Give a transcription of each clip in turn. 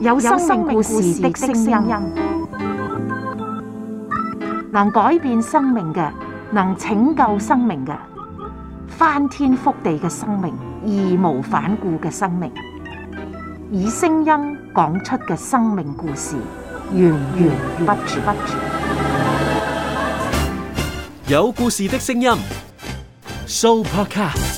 有生命故事的聲音，能改變生命嘅，能拯救生命嘅，翻天覆地嘅生命，義無反顧嘅生命，以聲音講出嘅生命故事，源源不絕。有故事的聲音，Soupercast。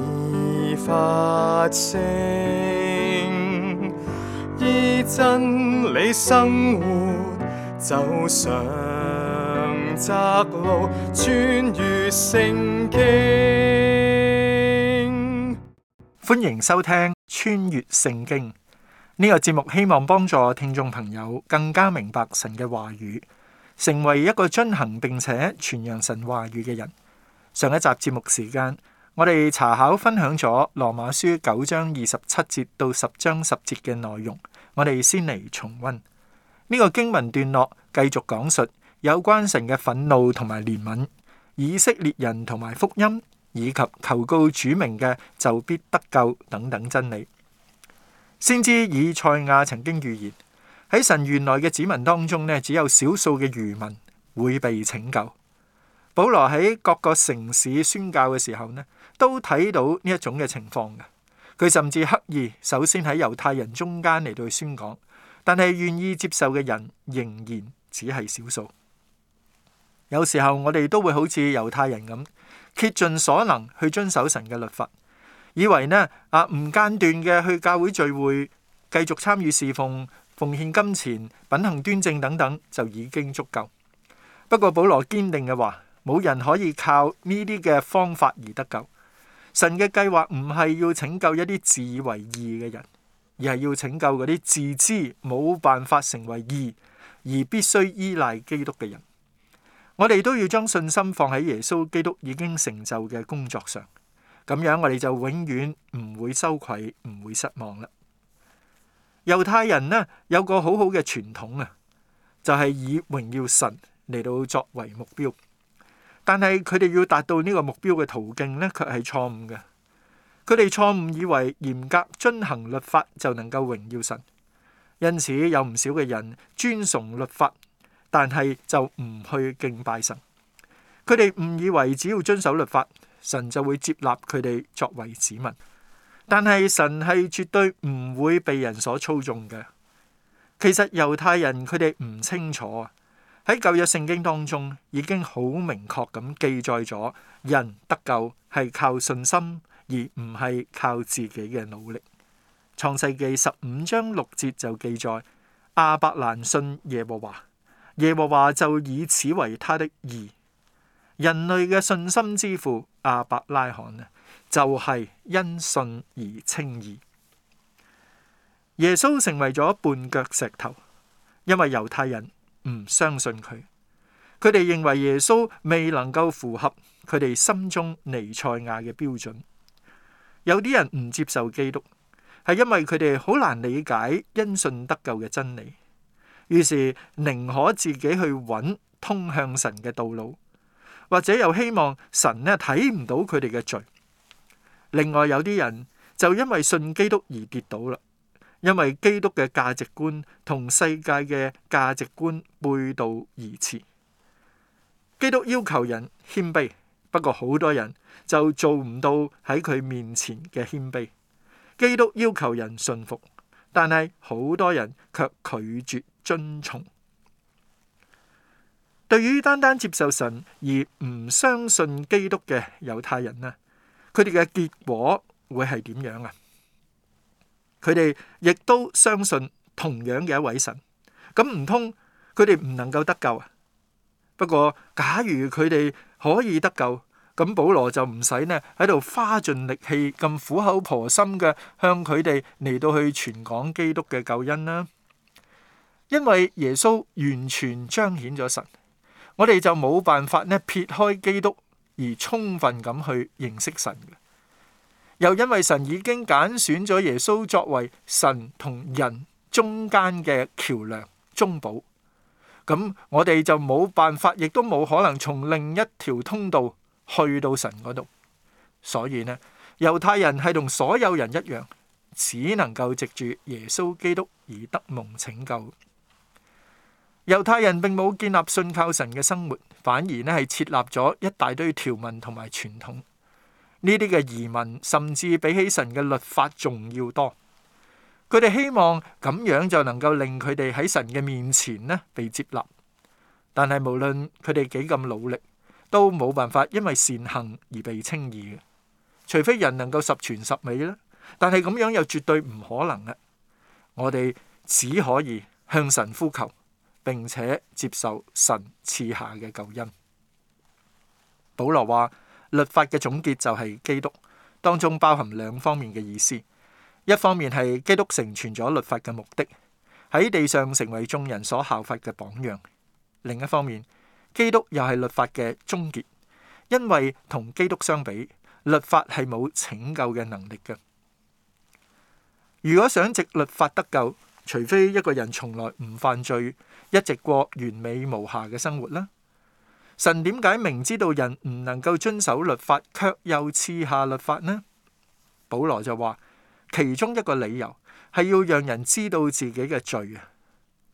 發聲，以真理生活，走上窄路，穿越聖經。歡迎收聽穿越聖經，呢個節目希望幫助聽眾朋友更加明白神嘅話語，成為一個遵行並且傳揚神話語嘅人。上一集節目時間。我哋查考分享咗《羅馬書》九章二十七節到十章十節嘅內容，我哋先嚟重溫呢、這個經文段落。繼續講述有關神嘅憤怒同埋憐憫、以色列人同埋福音，以及求告主名嘅就必得救等等真理。先知以賽亞曾經預言喺神原來嘅子民當中呢，只有少數嘅餘民會被拯救。保羅喺各個城市宣教嘅時候呢，都睇到呢一種嘅情況嘅，佢甚至刻意首先喺猶太人中間嚟到去宣講，但係願意接受嘅人仍然只係少數。有時候我哋都會好似猶太人咁竭盡所能去遵守神嘅律法，以為呢啊唔間斷嘅去教會聚會，繼續參與侍奉、奉獻金錢、品行端正等等就已經足夠。不過保羅堅定嘅話，冇人可以靠呢啲嘅方法而得救。神嘅計劃唔係要拯救一啲自以為義嘅人，而係要拯救嗰啲自知冇辦法成為義而必須依賴基督嘅人。我哋都要將信心放喺耶穌基督已經成就嘅工作上，咁樣我哋就永遠唔會羞愧，唔會失望啦。猶太人呢，有個好好嘅傳統啊，就係、是、以榮耀神嚟到作為目標。但係佢哋要達到呢個目標嘅途徑呢，卻係錯誤嘅。佢哋錯誤以為嚴格遵行律法就能夠榮耀神，因此有唔少嘅人尊崇律法，但係就唔去敬拜神。佢哋誤以為只要遵守律法，神就會接納佢哋作為子民。但係神係絕對唔會被人所操縱嘅。其實猶太人佢哋唔清楚啊。喺舊約聖經當中，已經好明確咁記載咗，人得救係靠信心，而唔係靠自己嘅努力。創世記十五章六節就記載：亞伯蘭信耶和華，耶和華就以此為他的義。人類嘅信心之父亞伯拉罕呢，就係、是、因信而稱義。耶穌成為咗絆腳石頭，因為猶太人，唔相信佢，佢哋認為耶穌未能夠符合佢哋心中尼賽亞嘅標準。有啲人唔接受基督，係因為佢哋好難理解因信得救嘅真理，於是寧可自己去搵通向神嘅道路，或者又希望神呢睇唔到佢哋嘅罪。另外有啲人就因為信基督而跌倒啦。因為基督嘅價值觀同世界嘅價值觀背道而馳。基督要求人謙卑，不過好多人就做唔到喺佢面前嘅謙卑。基督要求人信服，但係好多人卻拒絕遵從。對於單單接受神而唔相信基督嘅猶太人呢，佢哋嘅結果會係點樣啊？佢哋亦都相信同樣嘅一位神，咁唔通佢哋唔能夠得救啊？不過，假如佢哋可以得救，咁保羅就唔使呢喺度花盡力氣咁苦口婆心嘅向佢哋嚟到去傳講基督嘅救恩啦。因為耶穌完全彰顯咗神，我哋就冇辦法呢撇開基督而充分咁去認識神又因為神已經揀選咗耶穌作為神同人中間嘅橋梁、中保，咁我哋就冇辦法，亦都冇可能從另一條通道去到神嗰度。所以呢，猶太人係同所有人一樣，只能夠藉住耶穌基督而得蒙拯救。猶太人並冇建立信靠神嘅生活，反而呢係設立咗一大堆條文同埋傳統。呢啲嘅移民甚至比起神嘅律法仲要多，佢哋希望咁樣就能夠令佢哋喺神嘅面前呢被接納，但係無論佢哋幾咁努力，都冇辦法因為善行而被稱義嘅，除非人能夠十全十美啦，但係咁樣又絕對唔可能嘅，我哋只可以向神呼求，並且接受神賜下嘅救恩。保羅話。律法嘅總結就係基督，當中包含兩方面嘅意思。一方面係基督成全咗律法嘅目的，喺地上成為眾人所效法嘅榜樣；另一方面，基督又係律法嘅終結，因為同基督相比，律法係冇拯救嘅能力嘅。如果想藉律法得救，除非一個人從來唔犯罪，一直過完美無瑕嘅生活啦。神點解明知道人唔能夠遵守律法，卻又賜下律法呢？保羅就話，其中一個理由係要讓人知道自己嘅罪啊，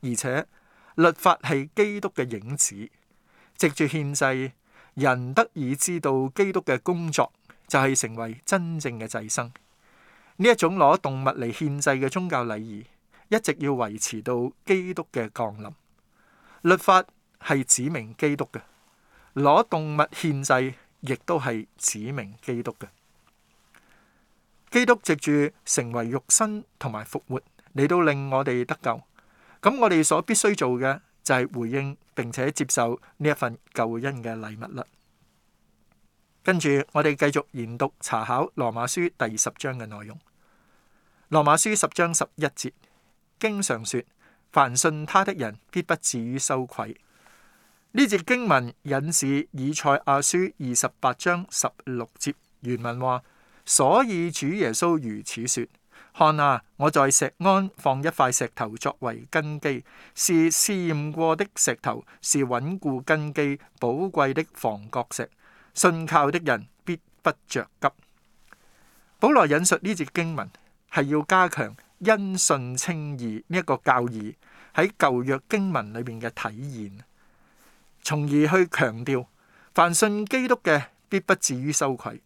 而且律法係基督嘅影子，藉住獻祭，人得以知道基督嘅工作就係成為真正嘅祭牲。呢一種攞動物嚟獻祭嘅宗教禮儀，一直要維持到基督嘅降臨。律法係指明基督嘅。攞動物獻祭，亦都係指明基督嘅。基督藉住成為肉身同埋復活，嚟到令我哋得救。咁我哋所必須做嘅就係回應並且接受呢一份救恩嘅禮物啦。跟住我哋繼續研讀查考《羅馬書》第十章嘅內容，《羅馬書》十章十一節經上說：凡信他的人必不至於羞愧。呢節經文引示以賽亞書二十八章十六節，原文話：所以主耶穌如此說，看啊，我在石安放一塊石頭作為根基，是試驗過的石頭，是穩固根基寶貴的房角石。信靠的人必不着急。保羅引述呢節經文係要加強因信稱義呢一個教義喺舊約經文裏面嘅體現。從而去強調，凡信基督嘅必不至於羞愧。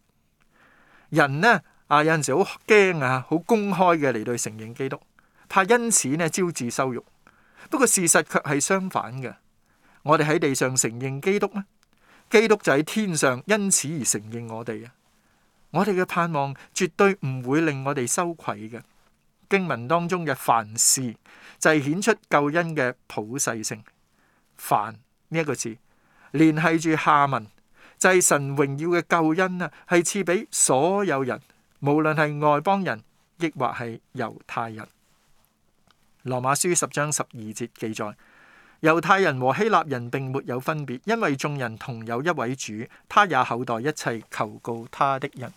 人呢啊，有陣時好驚啊，好公開嘅嚟對承認基督，怕因此呢招致羞辱。不過事實卻係相反嘅。我哋喺地上承認基督呢，基督就喺天上，因此而承認我哋啊。我哋嘅盼望絕對唔會令我哋羞愧嘅。經文當中嘅凡事就係顯出救恩嘅普世性，凡。呢一個字聯繫住下文，就係神榮耀嘅救恩啊，係賜俾所有人，無論係外邦人，亦或係猶太人。羅馬書十章十二節記載，猶太人和希臘人並沒有分別，因為眾人同有一位主，他也厚待一切求告他的人。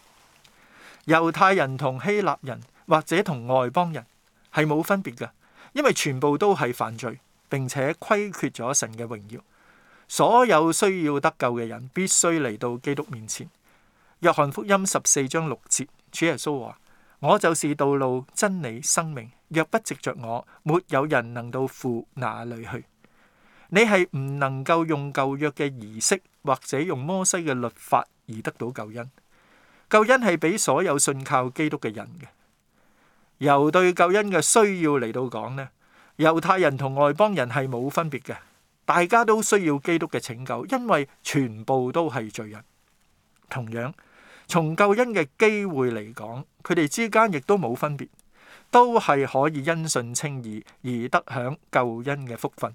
猶太人同希臘人或者同外邦人係冇分別嘅，因為全部都係犯罪，並且虧缺咗神嘅榮耀。所有需要得救嘅人必須嚟到基督面前。約翰福音十四章六節，主耶穌話：我就是道路、真理、生命。若不藉着我，沒有人能到父那裏去。你係唔能夠用舊約嘅儀式或者用摩西嘅律法而得到救恩。救恩係俾所有信靠基督嘅人嘅。由對救恩嘅需要嚟到講呢，猶太人同外邦人係冇分別嘅。大家都需要基督嘅拯救，因為全部都係罪人。同樣，從救恩嘅機會嚟講，佢哋之間亦都冇分別，都係可以因信稱義而得享救恩嘅福分。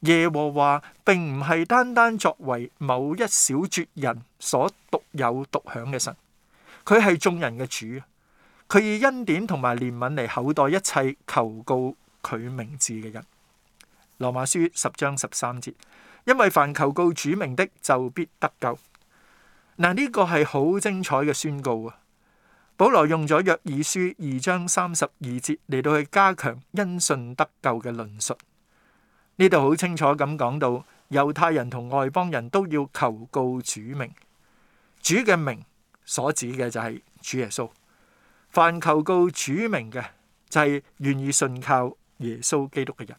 耶和華並唔係單單作為某一小撮人所獨有獨享嘅神，佢係眾人嘅主，佢以恩典同埋憐憫嚟厚待一切求告佢名字嘅人。羅馬書十章十三節，因為凡求告主名的就必得救。嗱，呢個係好精彩嘅宣告啊！保羅用咗約珥書二章三十二節嚟到去加強因信得救嘅論述。呢度好清楚咁講到，猶太人同外邦人都要求告主名。主嘅名所指嘅就係主耶穌。凡求告主名嘅，就係願意信靠耶穌基督嘅人。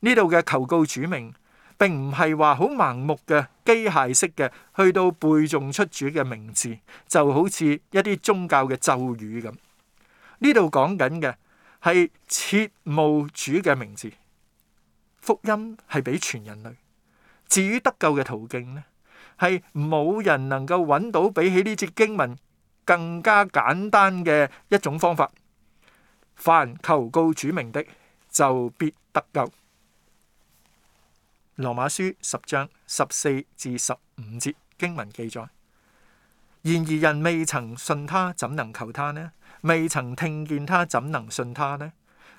呢度嘅求告主名，並唔係話好盲目嘅機械式嘅去到背誦出主嘅名字，就好似一啲宗教嘅咒語咁。呢度講緊嘅係切慕主嘅名字，福音係俾全人類。至於得救嘅途徑呢，係冇人能夠揾到比起呢節經文更加簡單嘅一種方法。凡求告主名的，就必得救。羅馬書十章十四至十五節經文記載：然而人未曾信他，怎能求他呢？未曾聽見他，怎能信他呢？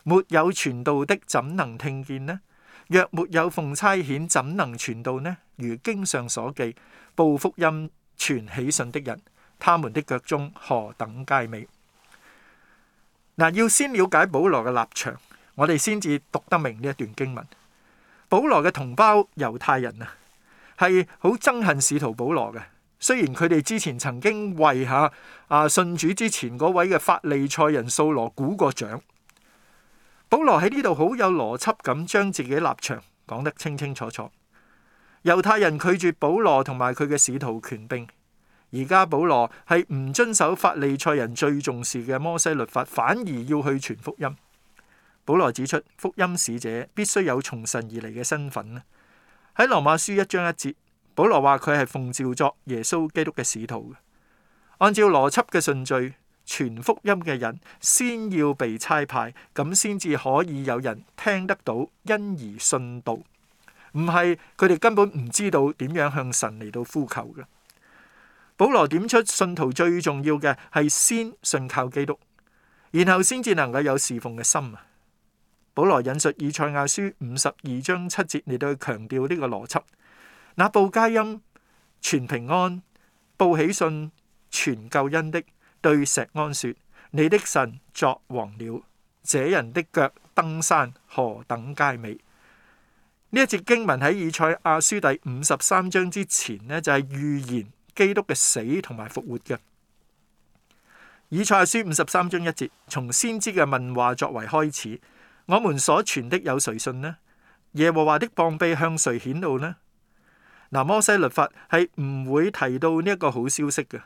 沒有傳道的，怎能聽見呢？若沒有奉差遣，怎能傳道呢？如經上所記：報福音傳喜信的人，他們的腳蹤何等佳美！嗱，要先了解保羅嘅立場，我哋先至讀得明呢一段經文。保羅嘅同胞猶太人啊，係好憎恨使徒保羅嘅。雖然佢哋之前曾經為吓啊信主之前嗰位嘅法利賽人掃羅鼓過掌，保羅喺呢度好有邏輯咁將自己立場講得清清楚楚。猶太人拒絕保羅同埋佢嘅使徒權柄，而家保羅係唔遵守法利賽人最重視嘅摩西律法，反而要去傳福音。保羅指出，福音使者必須有從神而來嘅身份。喺羅馬書一章一節，保羅話佢係奉召作耶穌基督嘅使徒嘅。按照邏輯嘅順序，傳福音嘅人先要被差派，咁先至可以有人聽得到，因而信道。唔係佢哋根本唔知道點樣向神嚟到呼求嘅。保羅點出，信徒最重要嘅係先信靠基督，然後先至能夠有侍奉嘅心啊。保羅引述以賽亞書五十二章七節嚟到強調呢個邏輯。那報佳音傳平安，報喜信傳救恩的，對石安說：你的神作王了。這人的腳登山何等佳美！呢一節經文喺以賽亞書第五十三章之前呢，就係預言基督嘅死同埋復活嘅。以賽亞書五十三章一節，從先知嘅問話作為開始。我們所傳的有誰信呢？耶和華的膀臂向誰顯露呢？嗱，摩西律法係唔會提到呢一個好消息嘅，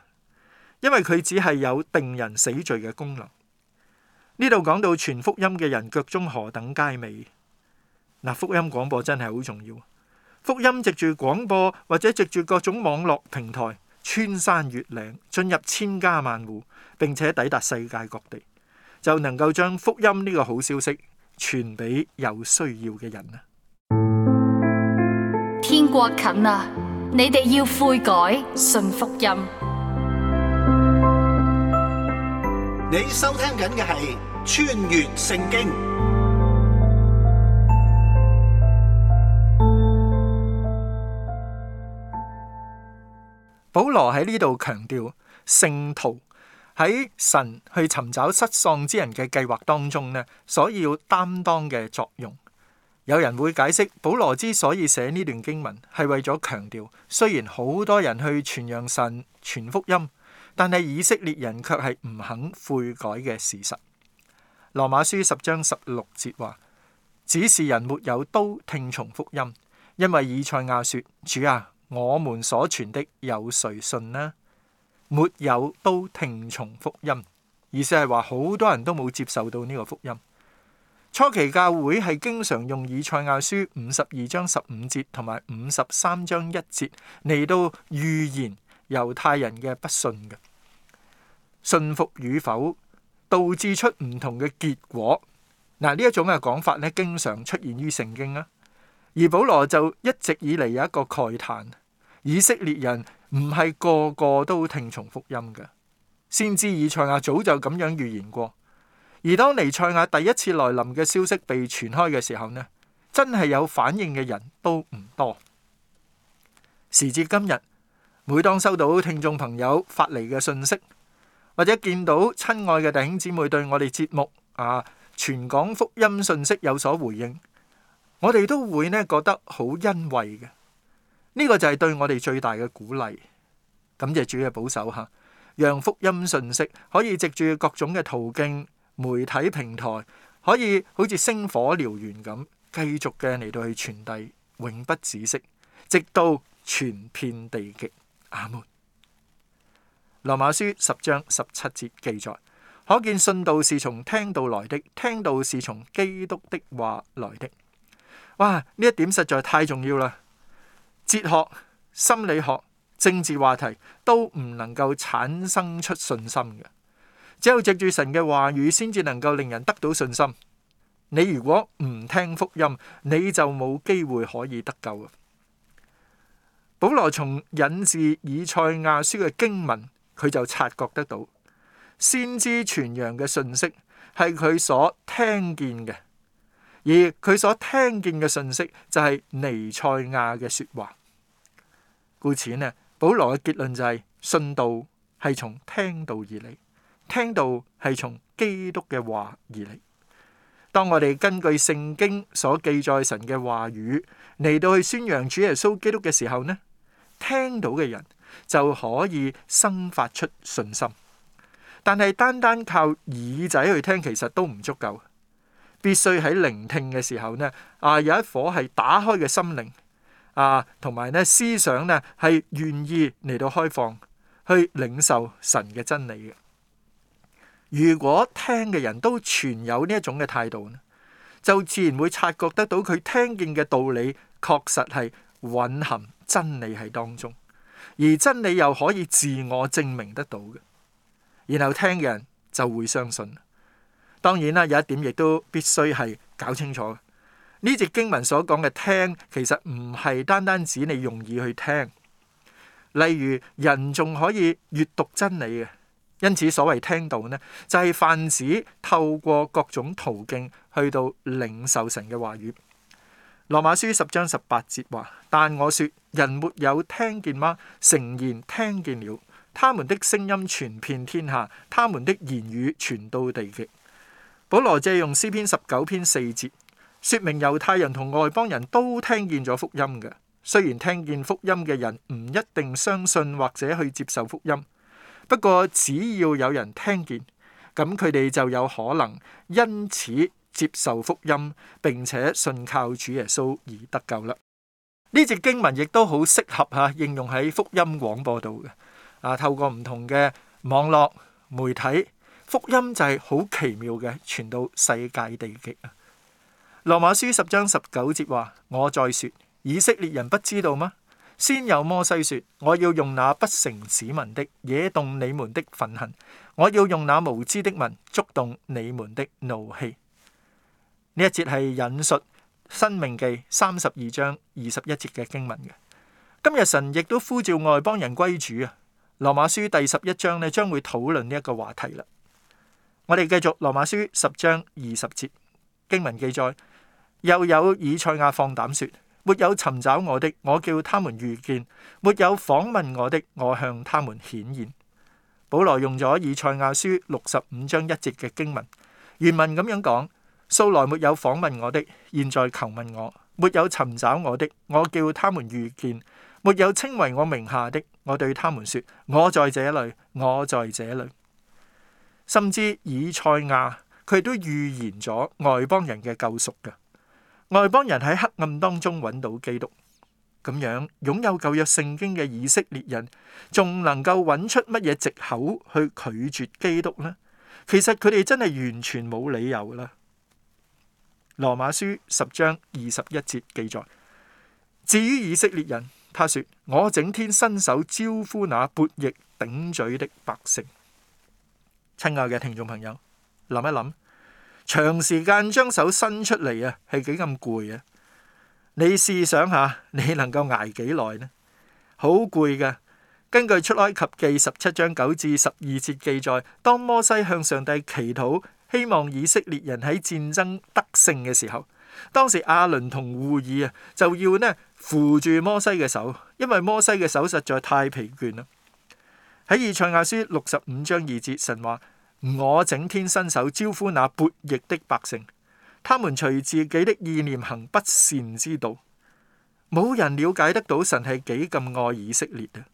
因為佢只係有定人死罪嘅功能。呢度講到傳福音嘅人腳中何等佳美嗱，福音廣播真係好重要，福音藉住廣播或者藉住各種網絡平台穿山越嶺進入千家萬戶，並且抵達世界各地，就能夠將福音呢個好消息，傳俾有需要嘅人啊！天國近啊，你哋要悔改，信福音。你收聽緊嘅係《穿越聖經》。保羅喺呢度強調聖徒。喺神去尋找失喪之人嘅計劃當中呢，所以要擔當嘅作用，有人會解釋保羅之所以寫呢段經文，係為咗強調，雖然好多人去傳揚神、傳福音，但係以色列人卻係唔肯悔改嘅事實。羅馬書十章十六節話，只是人沒有都聽從福音，因為以賽亞說，主啊，我們所傳的有誰信呢？沒有都聽從福音，意思係話好多人都冇接受到呢個福音。初期教會係經常用以賽亞書五十二章十五節同埋五十三章一節嚟到預言猶太人嘅不信嘅，信服與否導致出唔同嘅結果。嗱，呢一種嘅講法咧，經常出現於聖經啊。而保羅就一直以嚟有一個慨嘆，以色列人。唔係個個都聽從福音嘅，先知以賽亞早就咁樣預言過。而當彌賽亞第一次來臨嘅消息被傳開嘅時候呢，真係有反應嘅人都唔多。時至今日，每當收到聽眾朋友發嚟嘅信息，或者見到親愛嘅弟兄姊妹對我哋節目啊全港福音信息有所回應，我哋都會呢覺得好欣慰嘅。呢個就係對我哋最大嘅鼓勵，感謝主嘅保守吓、啊，讓福音信息可以藉住各種嘅途徑、媒體平台，可以好似星火燎原咁，繼續嘅嚟到去傳遞，永不止息，直到全遍地極。阿門。羅馬書十章十七節記載，可見信道是從聽道來的，聽道是從基督的話來的。哇，呢一點實在太重要啦！哲學、心理學、政治話題都唔能夠產生出信心嘅，只有藉住神嘅話語，先至能夠令人得到信心。你如果唔聽福音，你就冇機會可以得救啊！保羅從引自以賽亞書嘅經文，佢就察覺得到，先知傳揚嘅信息係佢所聽見嘅，而佢所聽見嘅信息就係以賽亞嘅說話。故此呢，保羅嘅結論就係信道係從聽道而嚟，聽道係從基督嘅話而嚟。當我哋根據聖經所記載神嘅話語嚟到去宣揚主耶穌基督嘅時候呢，聽到嘅人就可以生發出信心。但係單單靠耳仔去聽，其實都唔足夠，必須喺聆聽嘅時候呢，啊，有一顆係打開嘅心靈。啊，同埋咧思想咧係願意嚟到開放，去領受神嘅真理嘅。如果聽嘅人都存有呢一種嘅態度，就自然會察覺得到佢聽見嘅道理確實係蘊含真理喺當中，而真理又可以自我證明得到嘅。然後聽嘅人就會相信。當然啦，有一點亦都必須係搞清楚。呢節經文所講嘅聽，其實唔係單單指你用耳去聽。例如人仲可以閲讀真理嘅，因此所謂聽道呢，就係泛指透過各種途徑去到領受神嘅話語。羅馬書十章十八節話：但我說人沒有聽見嗎？誠然聽見了，他們的聲音傳遍天下，他們的言語傳到地極。保羅借用詩篇十九篇四節。說明猶太人同外邦人都聽見咗福音嘅，雖然聽見福音嘅人唔一定相信或者去接受福音，不過只要有人聽見，咁佢哋就有可能因此接受福音，並且信靠主耶穌而得救啦。呢節經文亦都好適合吓、啊、應用喺福音廣播度嘅，啊，透過唔同嘅網絡媒體，福音就係好奇妙嘅傳到世界地極啊！羅馬書十章十九節話：我再說以色列人不知道嗎？先有摩西說，我要用那不成子民的，惹動你們的憤恨；我要用那無知的民，觸動你們的怒氣。呢一節係引述申命記三十二章二十一節嘅經文嘅。今日神亦都呼召外邦人歸主啊。羅馬書第十一章呢將會討論呢一個話題啦。我哋繼續羅馬書十章二十節經文記載。又有以賽亞放膽說：沒有尋找我的，我叫他們遇見；沒有訪問我的，我向他們顯現。保羅用咗以賽亞書六十五章一節嘅經文原文咁樣講：素來沒有訪問我的，現在求問我；沒有尋找我的，我叫他們遇見；沒有稱為我名下的，我對他們說：我在這裏，我在這裏。甚至以賽亞佢都預言咗外邦人嘅救贖嘅。外邦人喺黑暗當中揾到基督，咁樣擁有舊約聖經嘅以色列人，仲能夠揾出乜嘢借口去拒絕基督呢？其實佢哋真係完全冇理由啦。羅馬書十章二十一節記載，至於以色列人，他說：我整天伸手招呼那悖逆頂，頂嘴的百姓。親愛嘅聽眾朋友，諗一諗。長時間將手伸出嚟啊，係幾咁攰啊！你試想下，你能夠捱幾耐呢？好攰噶。根據出埃及記十七章九至十二節記載，當摩西向上帝祈禱，希望以色列人喺戰爭得勝嘅時候，當時亞倫同戶珥啊就要呢扶住摩西嘅手，因為摩西嘅手實在太疲倦啦。喺以賽亞書六十五章二節，神話。我整天伸手招呼那悖逆的百姓，他們隨自己的意念行不善之道。冇人了解得到神係幾咁愛以色列啊！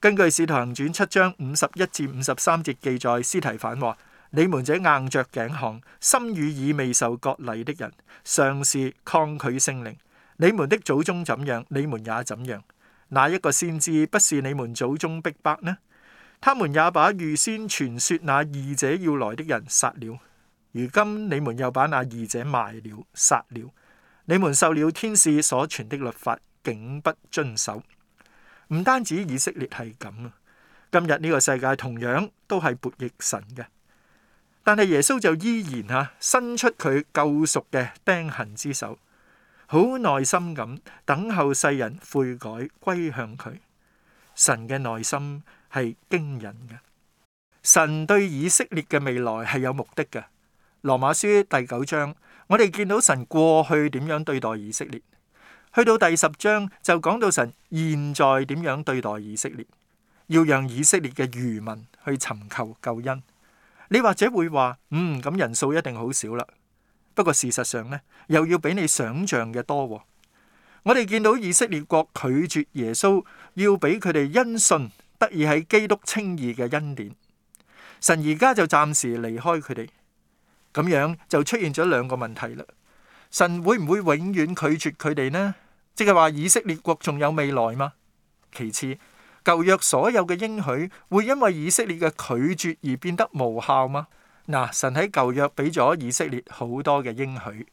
根據《使徒行傳》七章五十一至五十三節記載，司提反話：你們這硬着頸項、心與耳未受割禮的人，常是抗拒聖靈。你們的祖宗怎樣，你們也怎樣。哪一個先知不是你們祖宗逼迫呢？他們也把預先傳說那義者要來的人殺了。如今你們又把那義者賣了、殺了。你們受了天使所傳的律法，竟不遵守。唔單止以色列係咁啊，今日呢個世界同樣都係悖逆神嘅。但係耶穌就依然吓伸出佢救贖嘅釘痕之手，好耐心咁等候世人悔改歸向佢。神嘅耐心。係驚人嘅。神對以色列嘅未來係有目的嘅。羅馬書第九章，我哋見到神過去點樣對待以色列，去到第十章就講到神現在點樣對待以色列，要讓以色列嘅餘民去尋求救恩。你或者會話嗯，咁人數一定好少啦，不過事實上呢，又要比你想象嘅多。我哋見到以色列國拒絕耶穌，要俾佢哋因信，得以喺基督清義嘅恩典，神而家就暫時離開佢哋，咁樣就出現咗兩個問題啦。神會唔會永遠拒絕佢哋呢？即係話以色列國仲有未來嗎？其次，舊約所有嘅應許會因為以色列嘅拒絕而變得無效嗎？嗱、呃，神喺舊約俾咗以色列好多嘅應許，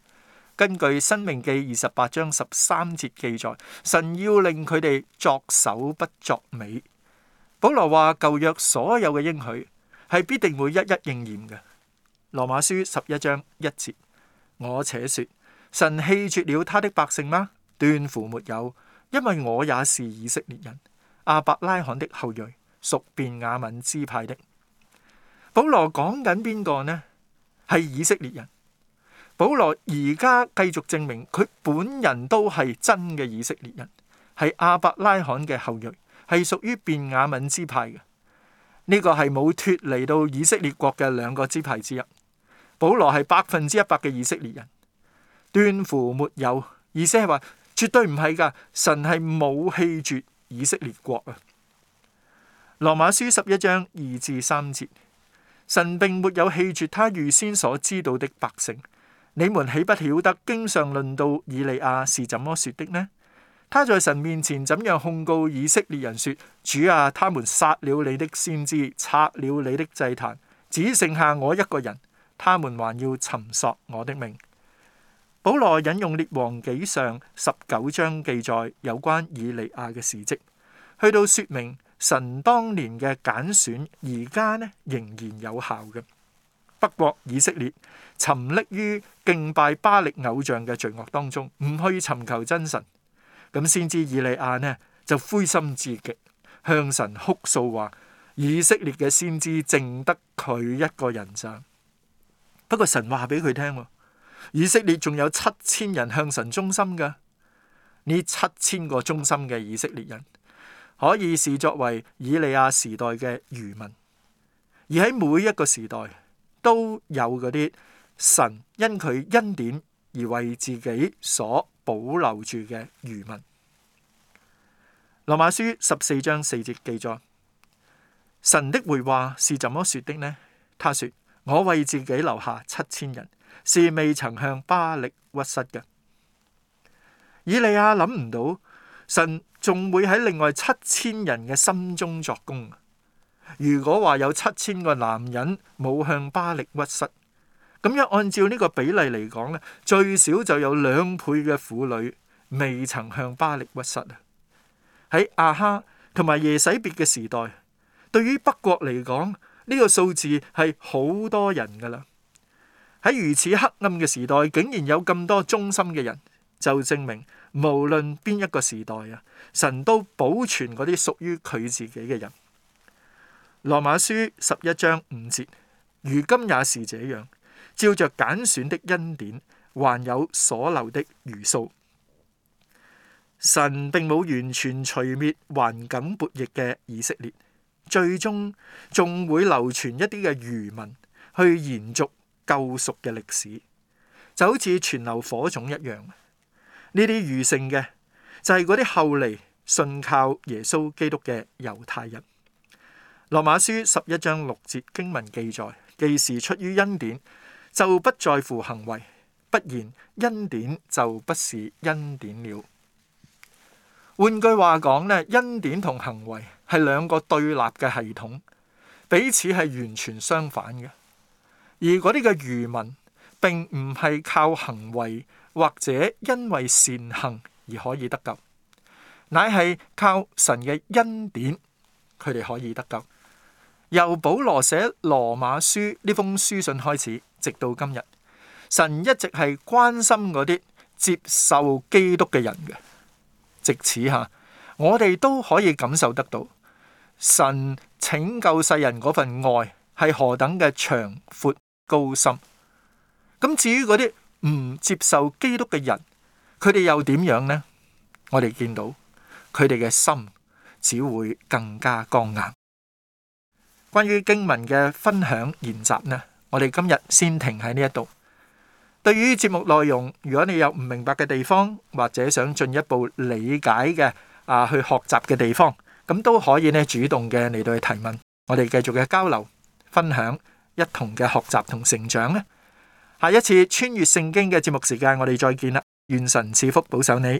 根據《申命記》二十八章十三節記載，神要令佢哋作首不作尾。保羅話舊約所有嘅應許係必定會一一應驗嘅。羅馬書十一章一節，我且說，神棄絕了他的百姓嗎？斷乎沒有，因為我也是以色列人，亞伯拉罕的後裔，屬便雅憫支派的。保羅講緊邊個呢？係以色列人。保羅而家繼續證明佢本人都係真嘅以色列人，係亞伯拉罕嘅後裔。係屬於便雅憫支派嘅，呢、這個係冇脫離到以色列國嘅兩個支派之一。保羅係百分之一百嘅以色列人。斷乎沒有，意思係話絕對唔係㗎。神係冇棄絕以色列國啊。羅馬書十一章二至三節，神並沒有棄絕他預先所知道的百姓，你們豈不曉得經常論到以利亞是怎麼說的呢？他在神面前怎樣控告以色列人說：主啊，他們殺了你的先知，拆了你的祭壇，只剩下我一個人。他們還要尋索我的命。保羅引用列王紀上十九章記載有關以利亞嘅事迹，去到說明神當年嘅揀選，而家呢仍然有效嘅。不過以色列沉溺於敬拜巴力偶像嘅罪惡當中，唔去尋求真神。咁先知以利亞呢就灰心至極，向神哭訴話：以色列嘅先知淨得佢一個人咋。不過神話俾佢聽，以色列仲有七千人向神忠心㗎。呢七千個忠心嘅以色列人，可以視作為以利亞時代嘅餘民。而喺每一個時代都有嗰啲神因佢恩典而為自己所保留住嘅餘民。羅馬書十四章四節記載，神的回話是怎麼說的呢？他說：我為自己留下七千人，是未曾向巴力屈膝嘅。以利亞諗唔到，神仲會喺另外七千人嘅心中作工。如果話有七千個男人冇向巴力屈膝。咁樣按照呢個比例嚟講咧，最少就有兩倍嘅婦女未曾向巴力屈膝啊！喺亞哈同埋耶洗別嘅時代，對於北國嚟講，呢個數字係好多人噶啦。喺如此黑暗嘅時代，竟然有咁多忠心嘅人，就證明無論邊一個時代啊，神都保存嗰啲屬於佢自己嘅人。羅馬書十一章五節，如今也是這樣。照着揀選的恩典，還有所留的餘數，神並冇完全除滅頑梗悖逆嘅以色列，最終仲會流傳一啲嘅餘民去延續救贖嘅歷史，就好似傳留火種一樣。呢啲餘剩嘅就係嗰啲後嚟信靠耶穌基督嘅猶太人。羅馬書十一章六節經文記載，既是出於恩典就不在乎行為，不然恩典就不是恩典了。換句話講咧，恩典同行為係兩個對立嘅系統，彼此係完全相反嘅。而嗰啲嘅餘民，並唔係靠行為或者因為善行而可以得救，乃係靠神嘅恩典，佢哋可以得救。由保羅寫羅馬書呢封書信開始。直到今日，神一直係關心嗰啲接受基督嘅人嘅，直至下，我哋都可以感受得到神拯救世人嗰份愛係何等嘅長闊高深。咁至於嗰啲唔接受基督嘅人，佢哋又點樣呢？我哋見到佢哋嘅心只會更加剛硬。關於經文嘅分享研習呢？我哋今日先停喺呢一度。對於節目內容，如果你有唔明白嘅地方，或者想進一步理解嘅啊，去學習嘅地方，咁都可以咧主動嘅嚟到去提問。我哋繼續嘅交流分享，一同嘅學習同成長咧。下一次穿越聖經嘅節目時間，我哋再見啦。願神賜福保守你。